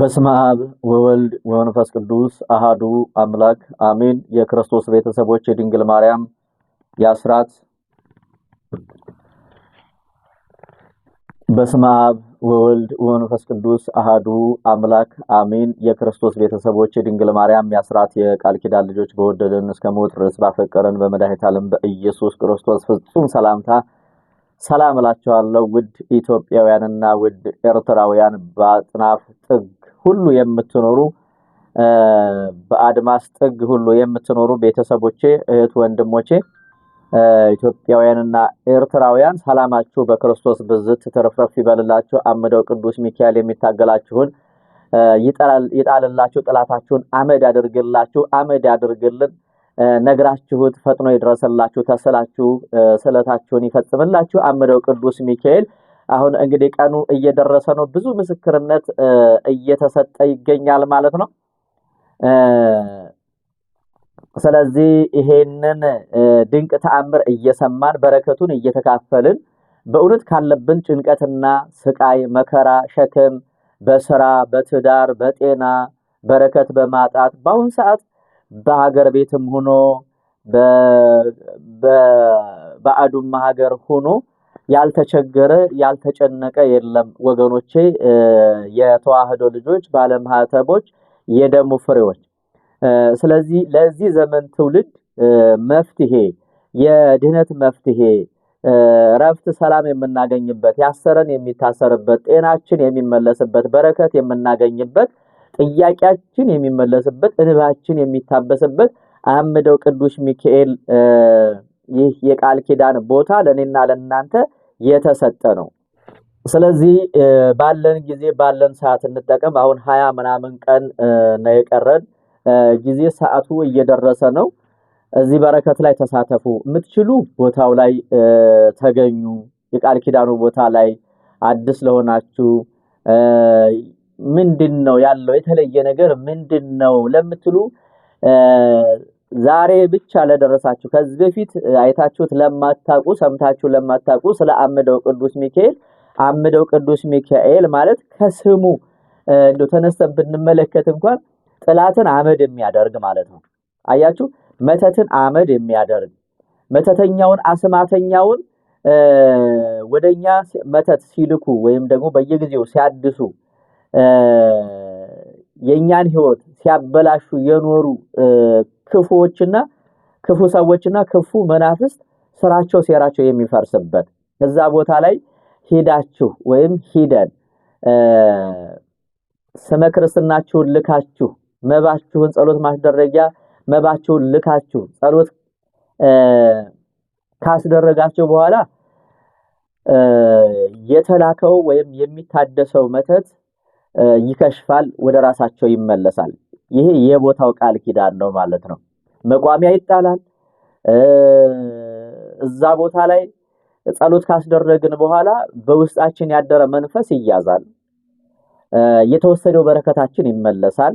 በስመ አብ ወወልድ ወመንፈስ ቅዱስ አሃዱ አምላክ አሜን። የክርስቶስ ቤተሰቦች የድንግል ማርያም የአስራት በስመ አብ ወወልድ ወመንፈስ ቅዱስ አሃዱ አምላክ አሜን። የክርስቶስ ቤተሰቦች የድንግል ማርያም የአስራት የቃል ኪዳን ልጆች በወደደን እስከ ሞት ድረስ ባፈቀረን በመድኃኒተ ዓለም በኢየሱስ ክርስቶስ ፍጹም ሰላምታ ሰላም እላቸዋለሁ። ውድ ኢትዮጵያውያንና ውድ ኤርትራውያን በአጥናፍ ጥግ ሁሉ የምትኖሩ በአድማስ ጥግ ሁሉ የምትኖሩ ቤተሰቦቼ፣ እህት ወንድሞቼ፣ ኢትዮጵያውያንና ኤርትራውያን ሰላማችሁ በክርስቶስ ብዝት ትርፍረፍ ይበልላችሁ። አምደው ቅዱስ ሚካኤል የሚታገላችሁን ይጣልላችሁ፣ ጥላታችሁን አመድ ያድርግላችሁ፣ አመድ ያድርግልን። ነግራችሁት ፈጥኖ ይድረስላችሁ፣ ተስላችሁ ስለታችሁን ይፈጽምላችሁ። አምደው ቅዱስ ሚካኤል አሁን እንግዲህ ቀኑ እየደረሰ ነው። ብዙ ምስክርነት እየተሰጠ ይገኛል ማለት ነው። ስለዚህ ይሄንን ድንቅ ተአምር እየሰማን በረከቱን እየተካፈልን በእውነት ካለብን ጭንቀትና ስቃይ፣ መከራ፣ ሸክም በስራ በትዳር በጤና በረከት በማጣት በአሁን ሰዓት በሀገር ቤትም ሆኖ በአዱማ ሀገር ሆኖ ያልተቸገረ ያልተጨነቀ የለም ወገኖቼ፣ የተዋህዶ ልጆች ባለማህተቦች፣ የደሙ ፍሬዎች። ስለዚህ ለዚህ ዘመን ትውልድ መፍትሄ የድህነት መፍትሄ ረፍት፣ ሰላም የምናገኝበት ያሰረን የሚታሰርበት ጤናችን የሚመለስበት በረከት የምናገኝበት ጥያቄያችን የሚመለስበት እንባችን የሚታበስበት አምደው ቅዱስ ሚካኤል ይህ የቃል ኪዳን ቦታ ለእኔና ለእናንተ የተሰጠ ነው። ስለዚህ ባለን ጊዜ ባለን ሰዓት እንጠቀም። አሁን ሀያ ምናምን ቀን ነው የቀረን ጊዜ፣ ሰዓቱ እየደረሰ ነው። እዚህ በረከት ላይ ተሳተፉ። የምትችሉ ቦታው ላይ ተገኙ። የቃል ኪዳኑ ቦታ ላይ አዲስ ለሆናችሁ ምንድን ነው ያለው የተለየ ነገር ምንድን ነው ለምትሉ ዛሬ ብቻ ለደረሳችሁ ከዚህ በፊት አይታችሁት ለማታውቁ ሰምታችሁ ለማታውቁ ስለ አምደው ቅዱስ ሚካኤል አምደው ቅዱስ ሚካኤል ማለት ከስሙ እንደው ተነስተን ብንመለከት እንኳን ጥላትን አመድ የሚያደርግ ማለት ነው። አያችሁ፣ መተትን አመድ የሚያደርግ መተተኛውን አስማተኛውን ወደኛ መተት ሲልኩ ወይም ደግሞ በየጊዜው ሲያድሱ የእኛን ሕይወት ሲያበላሹ የኖሩ ክፉዎችና ክፉ ሰዎችና ክፉ መናፍስት ስራቸው ሴራቸው የሚፈርስበት እዛ ቦታ ላይ ሂዳችሁ ወይም ሂደን ስመ ክርስትናችሁን ልካችሁ መባችሁን ጸሎት ማስደረጊያ መባችሁን ልካችሁ ጸሎት ካስደረጋችሁ በኋላ የተላከው ወይም የሚታደሰው መተት ይከሽፋል፣ ወደ ራሳቸው ይመለሳል። ይሄ የቦታው ቃል ኪዳን ነው ማለት ነው። መቋሚያ ይጣላል። እዛ ቦታ ላይ ጸሎት ካስደረግን በኋላ በውስጣችን ያደረ መንፈስ ይያዛል። የተወሰደው በረከታችን ይመለሳል።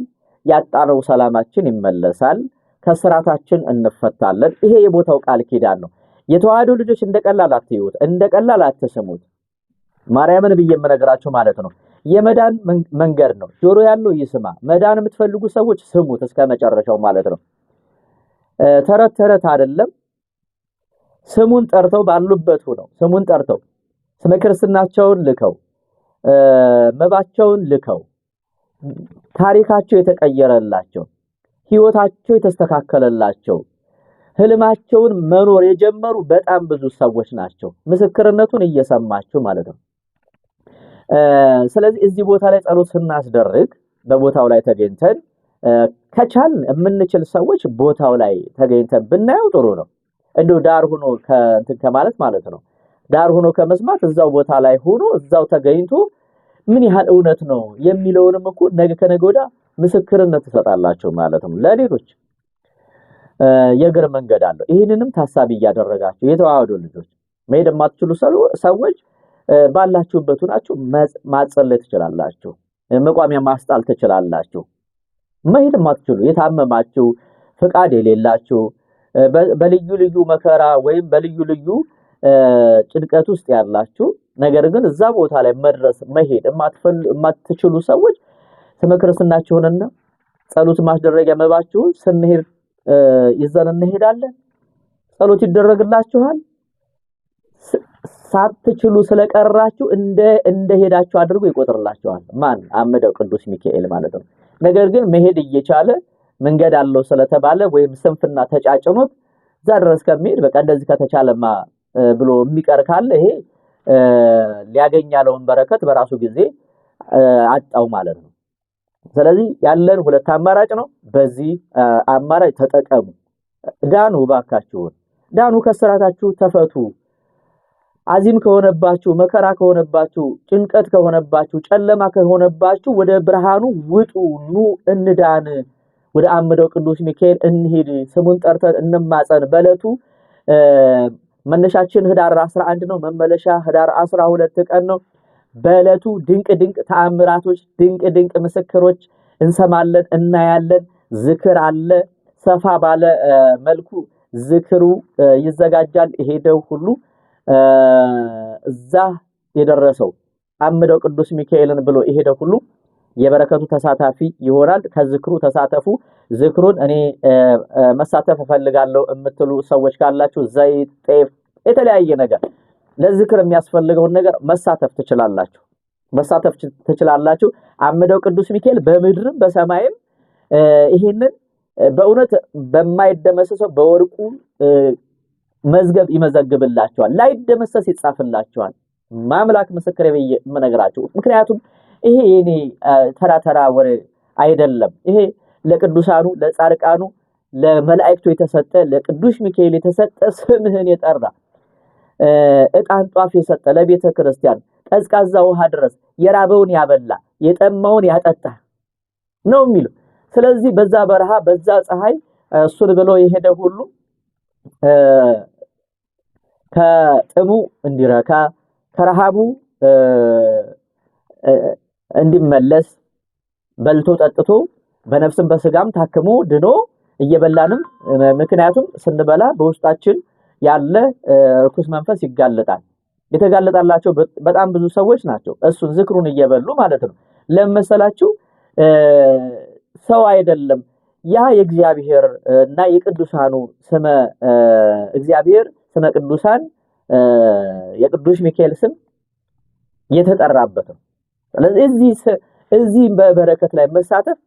ያጣነው ሰላማችን ይመለሳል። ከስራታችን እንፈታለን። ይሄ የቦታው ቃል ኪዳን ነው። የተዋህዶ ልጆች እንደቀላል አትዩት፣ እንደ ቀላል አትስሙት። ማርያምን ብዬ የምነግራችሁ ማለት ነው የመዳን መንገድ ነው። ጆሮ ያለው ይስማ። መዳን የምትፈልጉ ሰዎች ስሙት እስከ መጨረሻው ማለት ነው። ተረት ተረት አይደለም። ስሙን ጠርተው ባሉበት ሆነው ስሙን ጠርተው ስመ ክርስትናቸውን ልከው መባቸውን ልከው ታሪካቸው የተቀየረላቸው ህይወታቸው የተስተካከለላቸው ህልማቸውን መኖር የጀመሩ በጣም ብዙ ሰዎች ናቸው። ምስክርነቱን እየሰማችሁ ማለት ነው። ስለዚህ እዚህ ቦታ ላይ ጸሎት ስናስደርግ በቦታው ላይ ተገኝተን ከቻል የምንችል ሰዎች ቦታው ላይ ተገኝተን ብናየው ጥሩ ነው። እንዲሁ ዳር ሆኖ ከእንትን ከማለት ማለት ነው። ዳር ሆኖ ከመስማት እዛው ቦታ ላይ ሆኖ እዛው ተገኝቶ ምን ያህል እውነት ነው የሚለውንም እኮ ነገ ከነገ ወዲያ ምስክርነት ትሰጣላቸው ማለት ነው ለሌሎች የእግር መንገድ አለው። ይህንንም ታሳቢ እያደረጋቸው የተዋህዶ ልጆች መሄድ የማትችሉ ሰዎች ባላችሁበት ሆናችሁ ማጸለይ ትችላላችሁ። መቋሚያ ማስጣል ትችላላችሁ። መሄድ ማትችሉ የታመማችሁ፣ ፍቃድ የሌላችሁ፣ በልዩ ልዩ መከራ ወይም በልዩ ልዩ ጭንቀት ውስጥ ያላችሁ ነገር ግን እዛ ቦታ ላይ መድረስ መሄድ የማትችሉ ሰዎች ስመ ጸሎት ማስደረግ መባችሁን ስንሄድ ይዘን እንሄዳለን። ጸሎት ይደረግላችኋል። ሳትችሉ ስለቀራችሁ እንደ ሄዳችሁ አድርጎ ይቆጥርላችኋል። ማን አመደው ቅዱስ ሚካኤል ማለት ነው። ነገር ግን መሄድ እየቻለ መንገድ አለው ስለተባለ ወይም ስንፍና ተጫጭኖት እዛ ድረስ ከሚሄድ በቃ እንደዚህ ከተቻለማ ብሎ የሚቀር ካለ ይሄ ሊያገኝ ያለውን በረከት በራሱ ጊዜ አጣው ማለት ነው። ስለዚህ ያለን ሁለት አማራጭ ነው። በዚህ አማራጭ ተጠቀሙ። ዳኑ፣ እባካችሁን ዳኑ፣ ከስራታችሁ ተፈቱ። አዚም ከሆነባችሁ፣ መከራ ከሆነባችሁ፣ ጭንቀት ከሆነባችሁ፣ ጨለማ ከሆነባችሁ ወደ ብርሃኑ ውጡ፣ ኑ እንዳን፣ ወደ አምደው ቅዱስ ሚካኤል እንሂድ፣ ስሙን ጠርተን እንማጸን በዕለቱ መነሻችን ህዳር 11 ነው። መመለሻ ህዳር 12 ቀን ነው። በዕለቱ ድንቅ ድንቅ ተአምራቶች፣ ድንቅ ድንቅ ምስክሮች እንሰማለን፣ እናያለን። ዝክር አለ። ሰፋ ባለ መልኩ ዝክሩ ይዘጋጃል። የሄደው ሁሉ እዛ የደረሰው አምደው ቅዱስ ሚካኤልን ብሎ የሄደ ሁሉ የበረከቱ ተሳታፊ ይሆናል። ከዝክሩ ተሳተፉ። ዝክሩን እኔ መሳተፍ እፈልጋለሁ የምትሉ ሰዎች ካላችሁ ዘይት፣ ጤፍ፣ የተለያየ ነገር ለዝክር የሚያስፈልገውን ነገር መሳተፍ ትችላላችሁ መሳተፍ ትችላላችሁ። አምደው ቅዱስ ሚካኤል በምድርም በሰማይም ይሄንን በእውነት በማይደመሰሰው በወርቁ መዝገብ ይመዘግብላቸዋል። ላይደመሰስ ይጻፍላቸዋል። ማምላክ ምስክሬ የምነግራቸው ምክንያቱም ይሄ የኔ ተራ ተራ ወሬ አይደለም። ይሄ ለቅዱሳኑ ለጻርቃኑ ለመላእክቱ የተሰጠ ለቅዱስ ሚካኤል የተሰጠ ስምህን የጠራ እጣን ጧፍ የሰጠ ለቤተ ክርስቲያን ቀዝቃዛ ውሃ ድረስ የራበውን ያበላ የጠማውን ያጠጣ ነው የሚለው። ስለዚህ በዛ በረሃ በዛ ፀሐይ እሱን ብሎ የሄደ ሁሉ ከጥሙ እንዲረካ ከረሃቡ እንዲመለስ በልቶ ጠጥቶ በነፍስም በስጋም ታክሞ ድኖ እየበላንም ምክንያቱም ስንበላ በውስጣችን ያለ ርኩስ መንፈስ ይጋለጣል። የተጋለጣላቸው በጣም ብዙ ሰዎች ናቸው። እሱን ዝክሩን እየበሉ ማለት ነው። ለመሰላችሁ ሰው አይደለም ያ የእግዚአብሔር እና የቅዱሳኑ ስመ እግዚአብሔር ስመ ቅዱሳን የቅዱስ ሚካኤል ስም የተጠራበት ነው። ስለዚህ እዚህ በበረከት ላይ መሳተፍ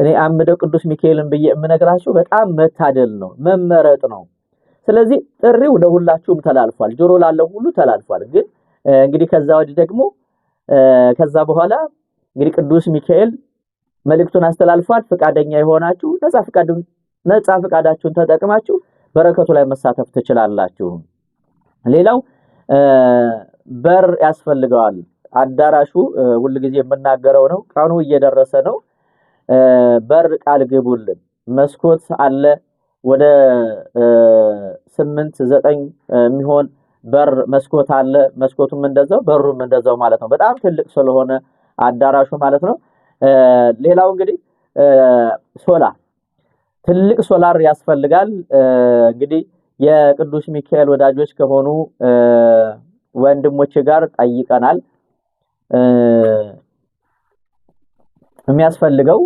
እኔ አምደው ቅዱስ ሚካኤልን ብዬ የምነግራችሁ በጣም መታደል ነው፣ መመረጥ ነው። ስለዚህ ጥሪው ለሁላችሁም ተላልፏል፣ ጆሮ ላለው ሁሉ ተላልፏል። ግን እንግዲህ ከዛ ወዲህ ደግሞ ከዛ በኋላ እንግዲህ ቅዱስ ሚካኤል መልእክቱን አስተላልፏል። ፍቃደኛ የሆናችሁ ነጻ ፍቃዳችሁን ተጠቅማችሁ በረከቱ ላይ መሳተፍ ትችላላችሁ። ሌላው በር ያስፈልገዋል። አዳራሹ ጊዜ የምናገረው ነው። ቀኑ እየደረሰ ነው። በር ቃል ግቡልን። መስኮት አለ። ወደ ስምንት ዘጠኝ የሚሆን በር መስኮት አለ። መስኮቱም እንደዛው በሩም እንደዛው ማለት ነው። በጣም ትልቅ ስለሆነ አዳራሹ ማለት ነው። ሌላው እንግዲህ ሶላር ትልቅ ሶላር ያስፈልጋል። እንግዲህ የቅዱስ ሚካኤል ወዳጆች ከሆኑ ወንድሞች ጋር ጠይቀናል። የሚያስፈልገው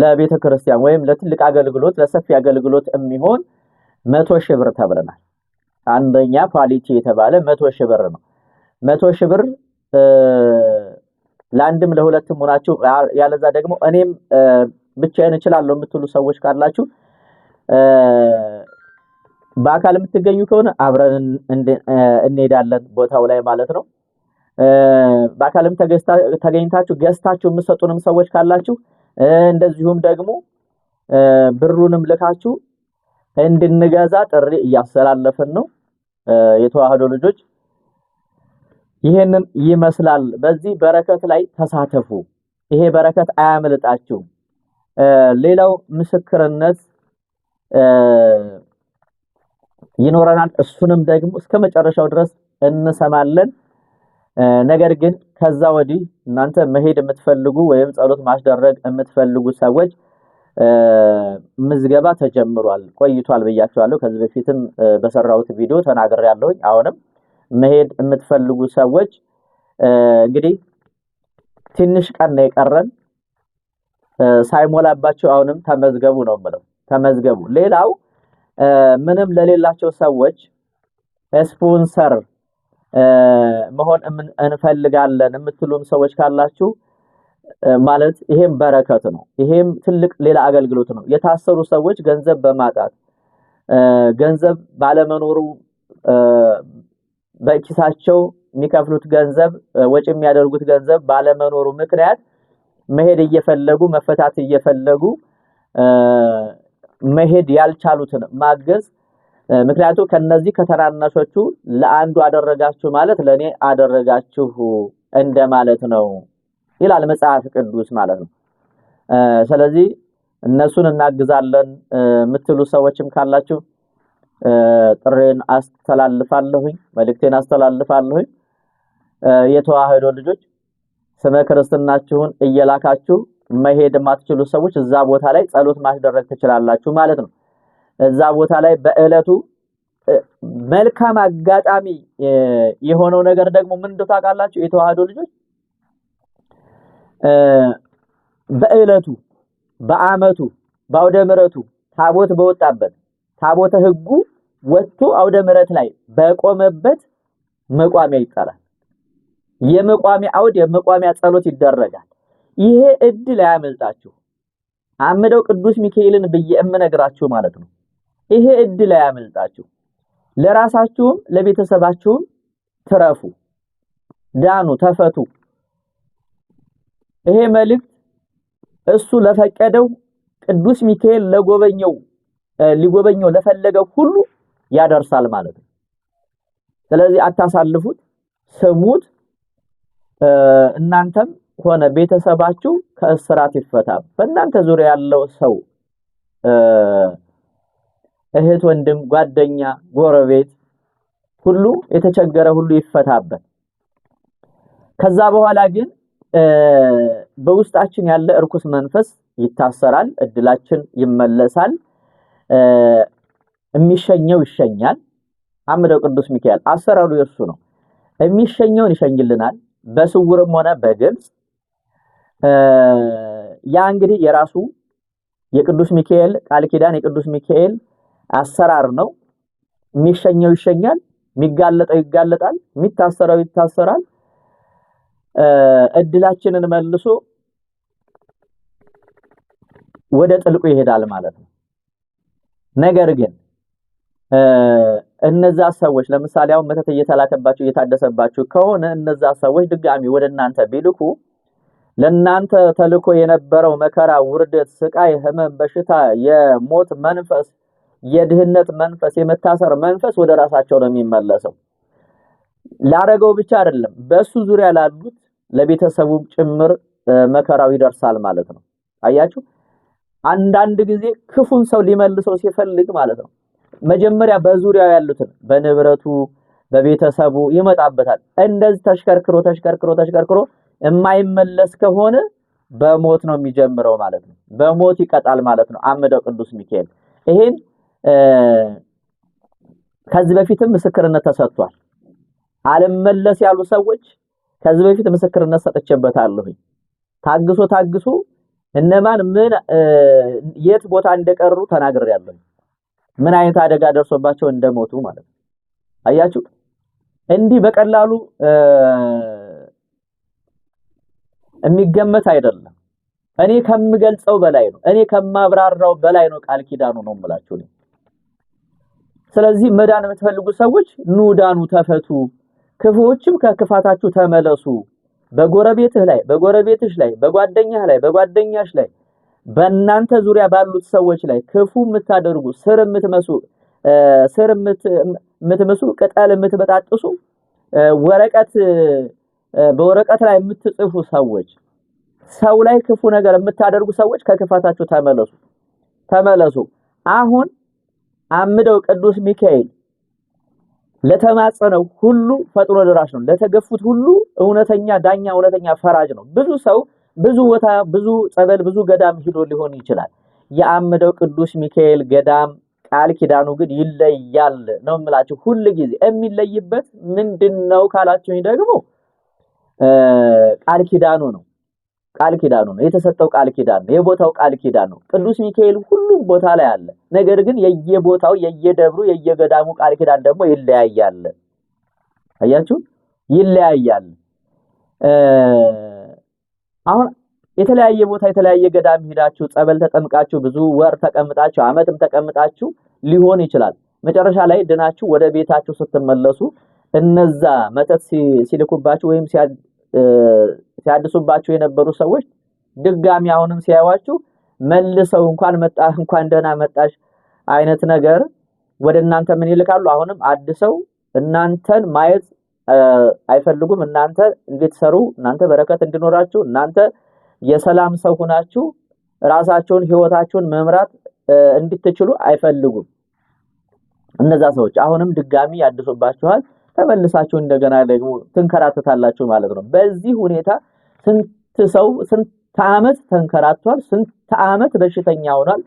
ለቤተ ክርስቲያን ወይም ለትልቅ አገልግሎት ለሰፊ አገልግሎት የሚሆን መቶ ሺህ ብር ተብለናል። አንደኛ ኳሊቲ የተባለ መቶ ሺህ ብር ነው። መቶ ሺህ ብር ለአንድም ለሁለትም ሆናችሁ ያለዛ ደግሞ እኔም ብቻዬን እችላለሁ የምትሉ ሰዎች ካላችሁ በአካል የምትገኙ ከሆነ አብረን እንሄዳለን ቦታው ላይ ማለት ነው። በአካልም ተገኝታችሁ ገዝታችሁ የምትሰጡንም ሰዎች ካላችሁ እንደዚሁም ደግሞ ብሩንም ልካችሁ እንድንገዛ ጥሪ እያስተላለፍን ነው የተዋህዶ ልጆች ይሄንን ይመስላል። በዚህ በረከት ላይ ተሳተፉ። ይሄ በረከት አያመልጣችሁ። ሌላው ምስክርነት ይኖረናል። እሱንም ደግሞ እስከ መጨረሻው ድረስ እንሰማለን። ነገር ግን ከዛ ወዲህ እናንተ መሄድ የምትፈልጉ ወይም ጸሎት ማስደረግ የምትፈልጉ ሰዎች ምዝገባ ተጀምሯል። ቆይቷል ብያችኋለሁ። ከዚህ በፊትም በሰራሁት ቪዲዮ ተናግሬያለሁኝ። አሁንም መሄድ የምትፈልጉ ሰዎች እንግዲህ ትንሽ ቀን ነው የቀረን። ሳይሞላባቸው አሁንም ተመዝገቡ ነው የምለው፣ ተመዝገቡ። ሌላው ምንም ለሌላቸው ሰዎች ስፖንሰር መሆን እንፈልጋለን የምትሉም ሰዎች ካላችሁ ማለት ይሄም በረከት ነው። ይሄም ትልቅ ሌላ አገልግሎት ነው። የታሰሩ ሰዎች ገንዘብ በማጣት ገንዘብ ባለመኖሩ በኪሳቸው የሚከፍሉት ገንዘብ ወጪ የሚያደርጉት ገንዘብ ባለመኖሩ ምክንያት መሄድ እየፈለጉ መፈታት እየፈለጉ መሄድ ያልቻሉትን ማገዝ። ምክንያቱም ከነዚህ ከተናናሾቹ ለአንዱ አደረጋችሁ ማለት ለእኔ አደረጋችሁ እንደማለት ነው ይላል መጽሐፍ ቅዱስ ማለት ነው። ስለዚህ እነሱን እናግዛለን የምትሉ ሰዎችም ካላችሁ ጥሬን አስተላልፋለሁኝ መልእክቴን አስተላልፋለሁኝ። የተዋህዶ ልጆች ስመ ክርስትናችሁን እየላካችሁ መሄድ የማትችሉ ሰዎች እዛ ቦታ ላይ ጸሎት ማስደረግ ትችላላችሁ ማለት ነው። እዛ ቦታ ላይ በእለቱ መልካም አጋጣሚ የሆነው ነገር ደግሞ ምን እንደው ታውቃላችሁ? የተዋህዶ ልጆች በእለቱ በአመቱ በአውደ ታቦት በወጣበት ታቦተ ሕጉ ወጥቶ አውደ ምረት ላይ በቆመበት መቋሚያ ይጠራል። የመቋሚያ አውድ የመቋሚያ ጸሎት ይደረጋል። ይሄ እድል አያመልጣችሁ። አምደው ቅዱስ ሚካኤልን ብዬ እምነግራችሁ ማለት ነው። ይሄ እድል አያመልጣችሁ። ለራሳችሁም ለቤተሰባችሁም ትረፉ፣ ዳኑ፣ ተፈቱ። ይሄ መልእክት እሱ ለፈቀደው ቅዱስ ሚካኤል ለጎበኘው ሊጎበኘው ለፈለገው ሁሉ ያደርሳል ማለት ነው። ስለዚህ አታሳልፉት፣ ስሙት። እናንተም ሆነ ቤተሰባችሁ ከእስራት ይፈታ። በእናንተ ዙሪያ ያለው ሰው እህት፣ ወንድም፣ ጓደኛ፣ ጎረቤት ሁሉ የተቸገረ ሁሉ ይፈታበት። ከዛ በኋላ ግን በውስጣችን ያለ እርኩስ መንፈስ ይታሰራል፣ እድላችን ይመለሳል። የሚሸኘው ይሸኛል። አምደው ቅዱስ ሚካኤል አሰራሩ የእሱ ነው። የሚሸኘውን ይሸኝልናል በስውርም ሆነ በግልጽ። ያ እንግዲህ የራሱ የቅዱስ ሚካኤል ቃል ኪዳን የቅዱስ ሚካኤል አሰራር ነው። የሚሸኘው ይሸኛል፣ የሚጋለጠው ይጋለጣል፣ የሚታሰረው ይታሰራል። እድላችንን መልሶ ወደ ጥልቁ ይሄዳል ማለት ነው። ነገር ግን እነዛ ሰዎች ለምሳሌ አሁን መተት እየተላከባችሁ እየታደሰባችሁ ከሆነ እነዛ ሰዎች ድጋሚ ወደ እናንተ ቢልኩ ለእናንተ ተልኮ የነበረው መከራ፣ ውርደት፣ ስቃይ፣ ህመም፣ በሽታ፣ የሞት መንፈስ፣ የድህነት መንፈስ፣ የመታሰር መንፈስ ወደ ራሳቸው ነው የሚመለሰው። ላረገው ብቻ አይደለም በሱ ዙሪያ ላሉት ለቤተሰቡ ጭምር መከራው ይደርሳል ማለት ነው። አያችሁ። አንዳንድ ጊዜ ክፉን ሰው ሊመልሰው ሲፈልግ ማለት ነው መጀመሪያ በዙሪያው ያሉትን በንብረቱ በቤተሰቡ ይመጣበታል። እንደዚህ ተሽከርክሮ ተሽከርክሮ ተሽከርክሮ የማይመለስ ከሆነ በሞት ነው የሚጀምረው ማለት ነው። በሞት ይቀጣል ማለት ነው አምደው ቅዱስ ሚካኤል። ይሄን ከዚህ በፊትም ምስክርነት ተሰጥቷል። አልመለስ ያሉ ሰዎች ከዚህ በፊት ምስክርነት ሰጥቼበታለሁኝ። ታግሶ ታግሶ እነማን ምን የት ቦታ እንደቀሩ ተናግሬያለሁ። ምን አይነት አደጋ ደርሶባቸው እንደሞቱ ማለት ነው። አያችሁ፣ እንዲህ በቀላሉ የሚገመት አይደለም። እኔ ከምገልጸው በላይ ነው። እኔ ከማብራራው በላይ ነው። ቃል ኪዳኑ ነው የምላችሁ። ስለዚህ መዳን የምትፈልጉ ሰዎች ኑ ዳኑ፣ ተፈቱ፣ ክፉዎችም ከክፋታችሁ ተመለሱ። በጎረቤትህ ላይ በጎረቤትሽ ላይ በጓደኛህ ላይ በጓደኛሽ ላይ በእናንተ ዙሪያ ባሉት ሰዎች ላይ ክፉ የምታደርጉ ስር የምትመሱ ስር የምትምሱ ቅጠል የምትበጣጥሱ ወረቀት በወረቀት ላይ የምትጽፉ ሰዎች ሰው ላይ ክፉ ነገር የምታደርጉ ሰዎች ከክፋታችሁ ተመለሱ ተመለሱ። አሁን አምደው ቅዱስ ሚካኤል ለተማጸነው ሁሉ ፈጥኖ ደራሽ ነው። ለተገፉት ሁሉ እውነተኛ ዳኛ፣ እውነተኛ ፈራጅ ነው። ብዙ ሰው ብዙ ቦታ፣ ብዙ ጸበል፣ ብዙ ገዳም ሂዶ ሊሆን ይችላል። የአምደው ቅዱስ ሚካኤል ገዳም ቃል ኪዳኑ ግን ይለያል ነው የምላችሁ። ሁል ጊዜ የሚለይበት ምንድን ነው ካላችሁኝ ደግሞ ቃል ኪዳኑ ነው። ቃል ኪዳኑ ነው የተሰጠው ቃል ኪዳን ነው የቦታው ቃል ኪዳን ነው። ቅዱስ ሚካኤል ሁሉም ቦታ ላይ አለ። ነገር ግን የየቦታው የየደብሩ የየገዳሙ ቃል ኪዳን ደግሞ ይለያያል። አያችሁ ይለያያል። አሁን የተለያየ ቦታ የተለያየ ገዳም ሄዳችሁ ጸበል ተጠምቃችሁ ብዙ ወር ተቀምጣችሁ አመትም ተቀምጣችሁ ሊሆን ይችላል። መጨረሻ ላይ ድናችሁ ወደ ቤታችሁ ስትመለሱ እነዛ መተት ሲልኩባችሁ ወይም ሲያድሱባቸው የነበሩ ሰዎች ድጋሚ አሁንም ሲያዩዋችሁ መልሰው እንኳን መጣ እንኳን ደህና መጣሽ አይነት ነገር ወደ እናንተ ምን ይልካሉ? አሁንም አድሰው እናንተን ማየት አይፈልጉም። እናንተ እንድትሰሩ፣ እናንተ በረከት እንዲኖራችሁ፣ እናንተ የሰላም ሰው ሆናችሁ ራሳችሁን ህይወታችሁን መምራት እንድትችሉ አይፈልጉም። እነዛ ሰዎች አሁንም ድጋሚ ያድሱባችኋል። ተመልሳችሁ እንደገና ደግሞ ትንከራተታላችሁ ማለት ነው። በዚህ ሁኔታ ስንት ሰው ስንት ዓመት ተንከራቷል፣ ስንት ዓመት በሽተኛ ሆኗል፣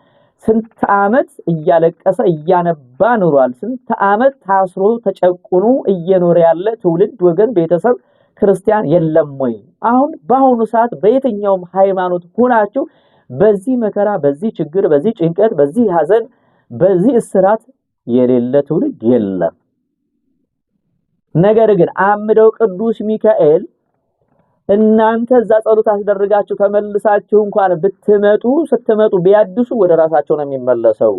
ስንት ዓመት እያለቀሰ እያነባ ኑሯል፣ ስንት ዓመት ታስሮ ተጨቁኖ እየኖረ ያለ ትውልድ፣ ወገን፣ ቤተሰብ ክርስቲያን የለም ወይ? አሁን በአሁኑ ሰዓት በየትኛውም ሃይማኖት ሆናችሁ በዚህ መከራ፣ በዚህ ችግር፣ በዚህ ጭንቀት፣ በዚህ ሀዘን በዚህ እስራት የሌለ ትውልድ የለም። ነገር ግን አምደው ቅዱስ ሚካኤል እናንተ እዛ ጸሎት አስደርጋችሁ ተመልሳችሁ እንኳን ብትመጡ ስትመጡ ቢያድሱ ወደ ራሳቸው ነው የሚመለሰው።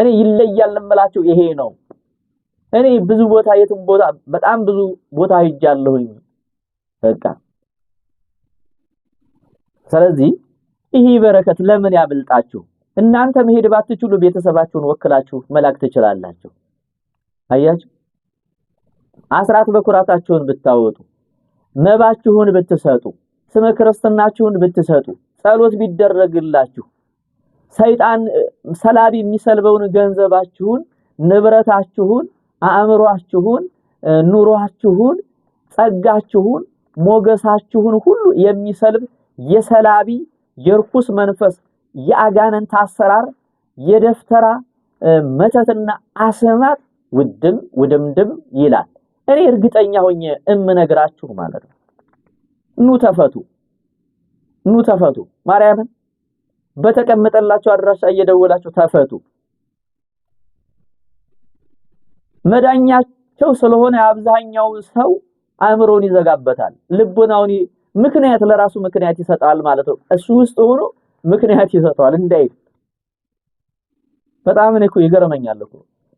እኔ ይለያል እምላችሁ ይሄ ነው። እኔ ብዙ ቦታ የትም ቦታ በጣም ብዙ ቦታ ሄጃለሁኝ። በቃ ስለዚህ ይሄ በረከት ለምን ያብልጣችሁ። እናንተ መሄድ ባትችሉ ቤተሰባችሁን ወክላችሁ መላክ ትችላላችሁ። አያችሁ። አስራት በኩራታችሁን ብታወጡ መባችሁን ብትሰጡ ስመ ክርስትናችሁን ብትሰጡ ጸሎት ቢደረግላችሁ ሰይጣን ሰላቢ የሚሰልበውን ገንዘባችሁን፣ ንብረታችሁን፣ አእምሯችሁን፣ ኑሯችሁን፣ ጸጋችሁን፣ ሞገሳችሁን ሁሉ የሚሰልብ የሰላቢ የርኩስ መንፈስ የአጋንንት አሰራር የደፍተራ መተትና አስማት ውድም ውድምድም ይላል። እኔ እርግጠኛ ሆኜ እምነግራችሁ ማለት ነው። ኑ ተፈቱ፣ ኑ ተፈቱ። ማርያምን በተቀመጠላችሁ አድራሻ እየደወላችሁ ተፈቱ። መዳኛቸው ስለሆነ አብዛኛው ሰው አእምሮውን ይዘጋበታል፣ ልቡናውን ምክንያት ለራሱ ምክንያት ይሰጣል ማለት ነው። እሱ ውስጥ ሆኖ ምክንያት ይሰጠዋል እንዳይል በጣም እኔ እኮ ይገርመኛል እኮ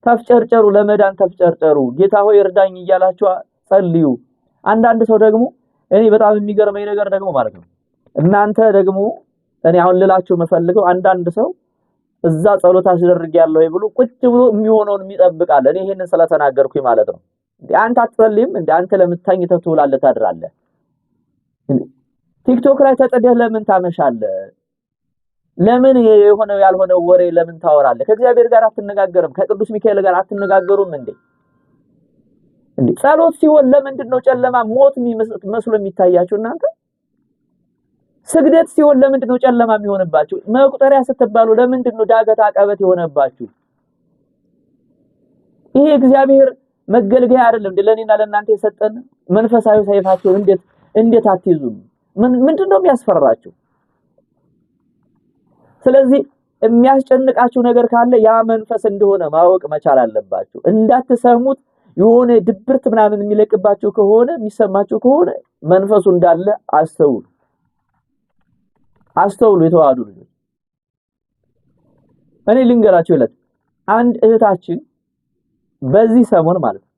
ተፍጨርጨሩ፣ ለመዳን ተፍጨርጨሩ፣ ጌታ ሆይ እርዳኝ እያላችሁ ጸልዩ። አንዳንድ ሰው ደግሞ እኔ በጣም የሚገርመኝ ነገር ደግሞ ማለት ነው እናንተ ደግሞ እኔ አሁን ልላችሁ የምፈልገው አንዳንድ ሰው እዛ ጸሎት አስደርግ ያለው ብሎ ቁጭ ብሎ የሚሆነውን የሚጠብቃል። እኔ ይሄንን ስለተናገርኩኝ ማለት ነው። እንዴ አንተ አትጸልይም እንዴ አንተ ለምታኝተህ ትውላለህ ታድራለህ። ቲክቶክ ላይ ተጥደህ ለምን ታመሻለህ? ለምን የሆነ የሆነው ያልሆነው ወሬ ለምን ታወራለህ? ከእግዚአብሔር ጋር አትነጋገርም? ከቅዱስ ሚካኤል ጋር አትነጋገሩም እንዴ? እንዴ ጸሎት ሲሆን ለምንድን ነው ጨለማ ሞት መስሎ የሚታያችሁ እናንተ? ስግደት ሲሆን ለምንድን ነው ጨለማ የሚሆንባችሁ? መቁጠሪያ ስትባሉ ለምንድን ነው ዳገት አቀበት የሆነባችሁ? ይሄ እግዚአብሔር መገልገያ አይደለም። ለእኔና ለእናንተ የሰጠን መንፈሳዊ ሰይፋቸው እንዴት እንዴት አትይዙም? ምንድን ነው የሚያስፈራችሁ? ስለዚህ የሚያስጨንቃችሁ ነገር ካለ ያ መንፈስ እንደሆነ ማወቅ መቻል አለባችሁ። እንዳትሰሙት የሆነ ድብርት ምናምን የሚለቅባችሁ ከሆነ የሚሰማችሁ ከሆነ መንፈሱ እንዳለ አስተውሉ፣ አስተውሉ። የተዋህዱ ልጆች እኔ ልንገራችሁ ይለት አንድ እህታችን በዚህ ሰሞን ማለት ነው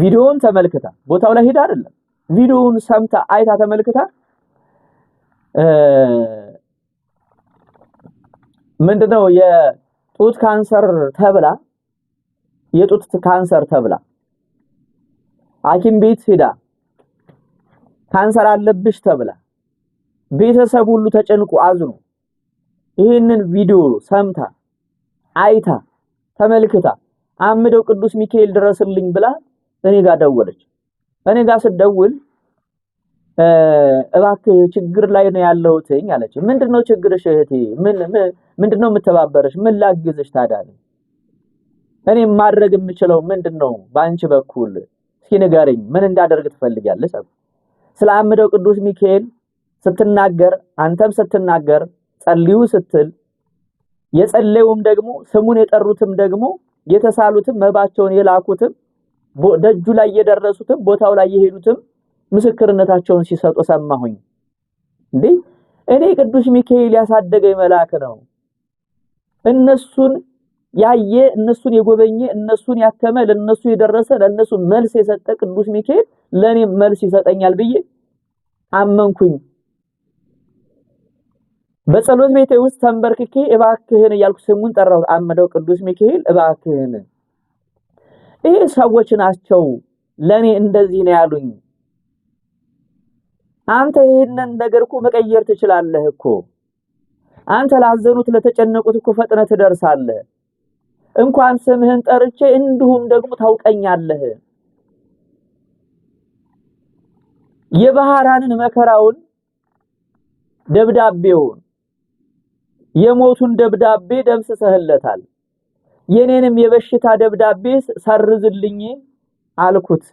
ቪዲዮውን ተመልክታ ቦታው ላይ ሄዳ አይደለም ቪዲዮውን ሰምታ አይታ ተመልክታ ምንድነው የጡት ካንሰር ተብላ የጡት ካንሰር ተብላ ሐኪም ቤት ሂዳ ካንሰር አለብሽ ተብላ ቤተሰብ ሁሉ ተጨንቆ አዝኖ ይህንን ቪዲዮ ሰምታ አይታ ተመልክታ አምደው ቅዱስ ሚካኤል ድረስልኝ ብላ እኔ ጋር ደወለች። እኔ ጋር ስደውል እባክህ ችግር ላይ ነው ያለሁትኝ አለች። ምንድነው ችግርሽ እህቴ? ምን ምንድነው የምተባበረሽ? ምን ላግዝሽ? ታዳለ እኔ ማድረግ የምችለው ምንድነው በአንቺ በኩል እስኪ ምን እንዳደርግ ትፈልጊያለሽ? ስለ አምደው ቅዱስ ሚካኤል ስትናገር፣ አንተም ስትናገር፣ ጸልዩ ስትል የጸለዩም ደግሞ ስሙን የጠሩትም ደግሞ የተሳሉትም መባቸውን የላኩትም ደጁ ላይ የደረሱትም ቦታው ላይ የሄዱትም ምስክርነታቸውን ሲሰጡ ሰማሁኝ። እንዴ እኔ ቅዱስ ሚካኤል ያሳደገኝ መልአክ ነው። እነሱን ያየ እነሱን የጎበኘ እነሱን ያከመ ለእነሱ የደረሰ ለነሱ መልስ የሰጠ ቅዱስ ሚካኤል ለእኔ መልስ ይሰጠኛል ብዬ አመንኩኝ። በጸሎት ቤቴ ውስጥ ተንበርክኬ እባክህን እያልኩ ስሙን ጠራሁት። አመደው ቅዱስ ሚካኤል እባክህን፣ ይሄ ሰዎች ናቸው ለእኔ እንደዚህ ነው ያሉኝ አንተ ይህንን ነገር እኮ መቀየር ትችላለህ እኮ አንተ ላዘኑት ለተጨነቁት እኮ ፈጥነ ትደርሳለህ። እንኳን ስምህን ጠርቼ እንዲሁም ደግሞ ታውቀኛለህ። የባህራንን መከራውን ደብዳቤውን የሞቱን ደብዳቤ ደምስሰህለታል። የኔንም የበሽታ ደብዳቤ ሰርዝልኝ አልኩት።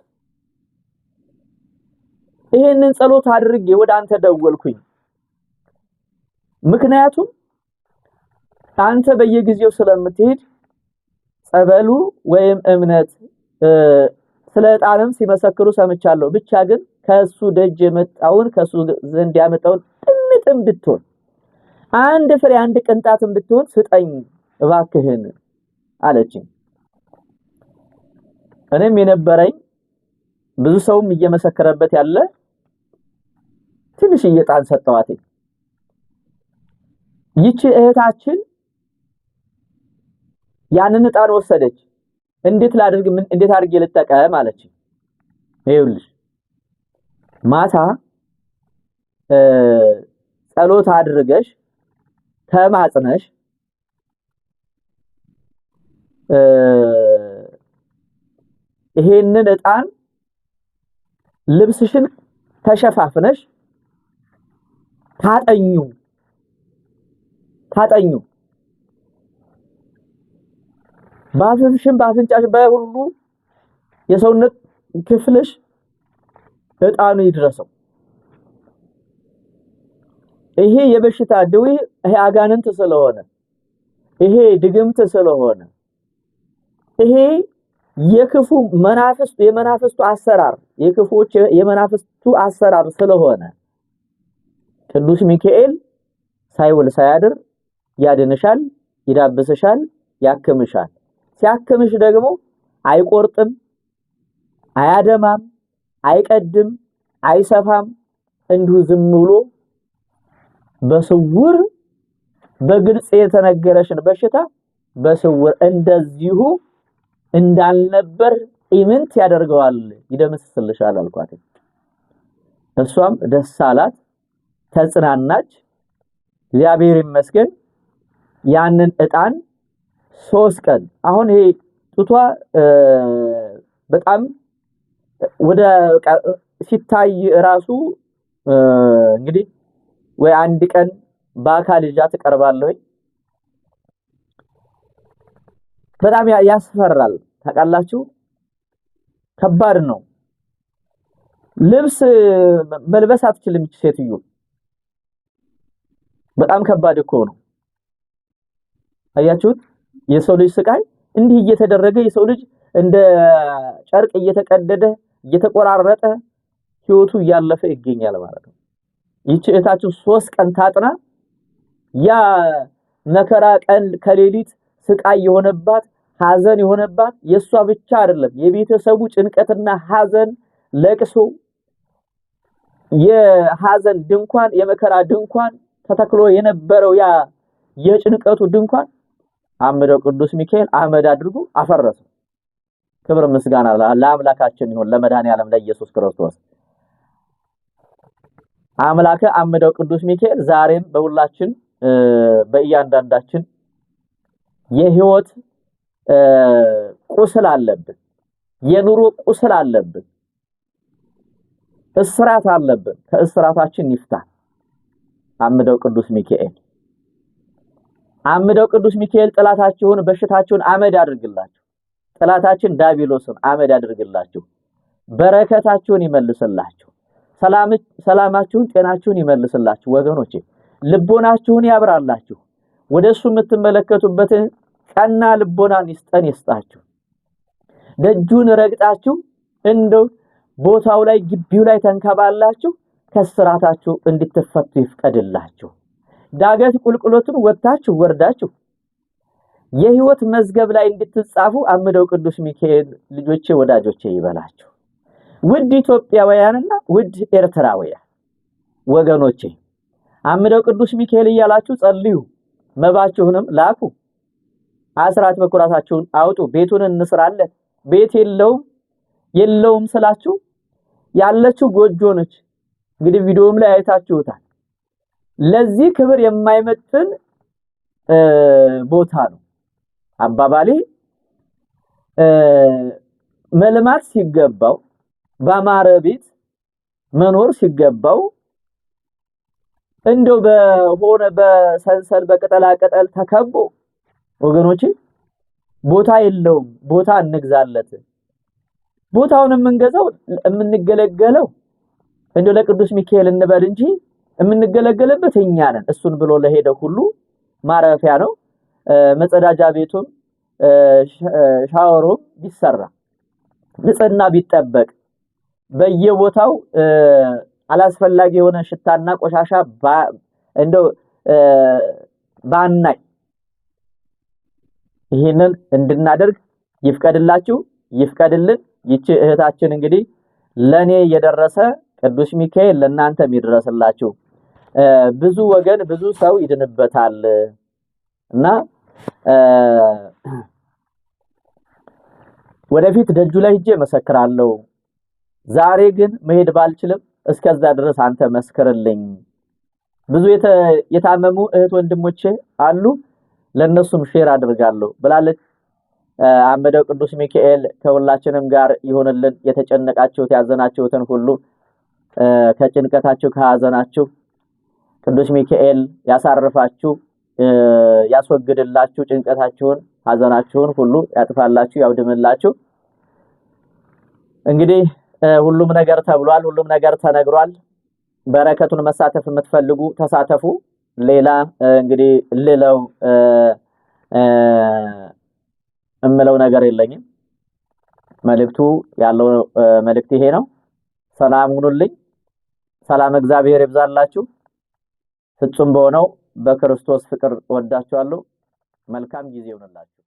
ይሄንን ጸሎት አድርጌ ወደ አንተ ደወልኩኝ። ምክንያቱም አንተ በየጊዜው ስለምትሄድ ጸበሉ ወይም እምነት ስለ ዕጣንም ሲመሰክሩ ሰምቻለሁ። ብቻ ግን ከሱ ደጅ የመጣውን ከሱ ዘንድ ያመጣውን ጥምጥም ብትሆን አንድ ፍሬ አንድ ቅንጣትም ብትሆን ስጠኝ እባክህን አለችኝ። እኔም የነበረኝ ብዙ ሰውም እየመሰከረበት ያለ ትንሽ እየጣን ሰጠዋት። ይቺ እህታችን ያንን እጣን ወሰደች። እንዴት ላድርግ፣ ምን እንዴት አድርጌ ልጠቀም አለች። ይኸውልሽ ማታ ጸሎት አድርገሽ ተማጽነሽ ይሄንን እጣን ልብስሽን ተሸፋፍነሽ ታጠኙ ታጠኙ በአፍሽም በአፍንጫሽ በሁሉ የሰውነት ክፍልሽ እጣኑ ይድረሰው። ይሄ የበሽታ ድዊ ይሄ አጋንንት ስለሆነ ይሄ ድግምት ስለሆነ ይሄ የክፉ መናፍስቱ የመናፍስቱ አሰራር የክፉዎች የመናፍስቱ አሰራር ስለሆነ ቅዱስ ሚካኤል ሳይውል ሳያድር ያድንሻል፣ ይዳብስሻል፣ ያክምሻል። ሲያክምሽ ደግሞ አይቆርጥም፣ አያደማም፣ አይቀድም፣ አይሰፋም። እንዲሁ ዝም ብሎ በስውር በግልጽ የተነገረሽን በሽታ በስውር እንደዚሁ እንዳልነበር ኢምንት ያደርገዋል፣ ይደምስስልሻል አልኳት። እሷም ደስ አላት። ተጽናናች። እግዚአብሔር ይመስገን ያንን እጣን ሶስት ቀን አሁን ይሄ ጡቷ በጣም ወደ ሲታይ ራሱ እንግዲህ ወይ አንድ ቀን በአካል ይዣ ትቀርባለሁ። በጣም ያስፈራል። ታውቃላችሁ፣ ከባድ ነው። ልብስ መልበስ አትችልም ሴትዮ። በጣም ከባድ እኮ ነው። አያችሁት? የሰው ልጅ ስቃይ እንዲህ እየተደረገ የሰው ልጅ እንደ ጨርቅ እየተቀደደ እየተቆራረጠ ህይወቱ እያለፈ ይገኛል ማለት ነው። ይቺ እህታችን ሶስት ቀን ታጥና ያ መከራ ቀን ከሌሊት ስቃይ የሆነባት ሐዘን የሆነባት የሷ ብቻ አይደለም። የቤተሰቡ ጭንቀትና ሐዘን ለቅሶ የሐዘን ድንኳን የመከራ ድንኳን ተተክሎ የነበረው ያ የጭንቀቱ ድንኳን አምደው ቅዱስ ሚካኤል አመድ አድርጎ አፈረሰ። ክብር ምስጋና ለአምላካችን ይሁን ለመድኃኔዓለም ለኢየሱስ ክርስቶስ። አምላከ አምደው ቅዱስ ሚካኤል ዛሬም በሁላችን በእያንዳንዳችን የህይወት ቁስል አለብን። የኑሮ ቁስል አለብን። እስራት አለብን። ከእስራታችን ይፍታል። አምደው ቅዱስ ሚካኤል አምደው ቅዱስ ሚካኤል ጥላታችሁን በሽታችሁን አመድ አድርግላችሁ። ጥላታችን ዳቢሎስን አመድ አድርግላችሁ። በረከታችሁን ይመልስላችሁ። ሰላማችሁን፣ ጤናችሁን ይመልስላችሁ። ወገኖቼ ልቦናችሁን ያብራላችሁ። ወደሱ የምትመለከቱበትን ቀና ልቦናን ይስጠን ይስጣችሁ። ደጁን ረግጣችሁ እንደው ቦታው ላይ ግቢው ላይ ተንከባላችሁ ከስራታችሁ እንድትፈቱ ይፍቀድላችሁ። ዳገት ቁልቁሎቱን ወጥታችሁ ወርዳችሁ የህይወት መዝገብ ላይ እንድትጻፉ አምደው ቅዱስ ሚካኤል ልጆቼ ወዳጆቼ ይበላችሁ። ውድ ኢትዮጵያውያንና ውድ ኤርትራውያን ወገኖቼ አምደው ቅዱስ ሚካኤል እያላችሁ ጸልዩ። መባችሁንም ላኩ። አስራት በኩራታችሁን አውጡ። ቤቱን እንስራለን። ቤት የለውም የለውም ስላችሁ ያለችው ጎጆ ነች። እንግዲህ ቪዲዮም ላይ አይታችሁታል። ለዚህ ክብር የማይመጥን ቦታ ነው አባባሌ። መልማት ሲገባው በአማረ ቤት መኖር ሲገባው እንደው በሆነ በሰንሰል በቅጠላ ቅጠል ተከቦ ወገኖች፣ ቦታ የለውም። ቦታ እንግዛለት። ቦታውን የምንገዛው የምንገለገለው እንዲሁ ለቅዱስ ሚካኤል እንበል እንጂ የምንገለገልበት እኛ ነን። እሱን ብሎ ለሄደ ሁሉ ማረፊያ ነው። መጸዳጃ ቤቱም ሻወሩም ቢሰራ ንጽህና ቢጠበቅ በየቦታው አላስፈላጊ የሆነ ሽታና ቆሻሻ እንደው ባናይ ይህንን እንድናደርግ ይፍቀድላችሁ፣ ይፍቀድልን። ይቺ እህታችን እንግዲህ ለኔ የደረሰ ቅዱስ ሚካኤል ለእናንተ የሚድረስላችሁ። ብዙ ወገን ብዙ ሰው ይድንበታል እና ወደፊት ደጁ ላይ ሂጄ መሰክራለሁ። ዛሬ ግን መሄድ ባልችልም እስከዛ ድረስ አንተ መስክርልኝ። ብዙ የታመሙ እህት ወንድሞቼ አሉ፣ ለነሱም ሼር አድርጋለሁ ብላለች። አመደው ቅዱስ ሚካኤል ከሁላችንም ጋር ይሆንልን። የተጨነቃችሁት ያዘናችሁትን ሁሉ ከጭንቀታችሁ ከሐዘናችሁ ቅዱስ ሚካኤል ያሳርፋችሁ፣ ያስወግድላችሁ፣ ጭንቀታችሁን ሐዘናችሁን ሁሉ ያጥፋላችሁ፣ ያውድምላችሁ። እንግዲህ ሁሉም ነገር ተብሏል፣ ሁሉም ነገር ተነግሯል። በረከቱን መሳተፍ የምትፈልጉ ተሳተፉ። ሌላ እንግዲህ ልለው እምለው ነገር የለኝም። መልእክቱ ያለው መልእክት ይሄ ነው። ሰላም ሁኑልኝ። ሰላም እግዚአብሔር ይብዛላችሁ። ፍጹም በሆነው በክርስቶስ ፍቅር ወዳችኋለሁ። መልካም ጊዜ ይሁንላችሁ።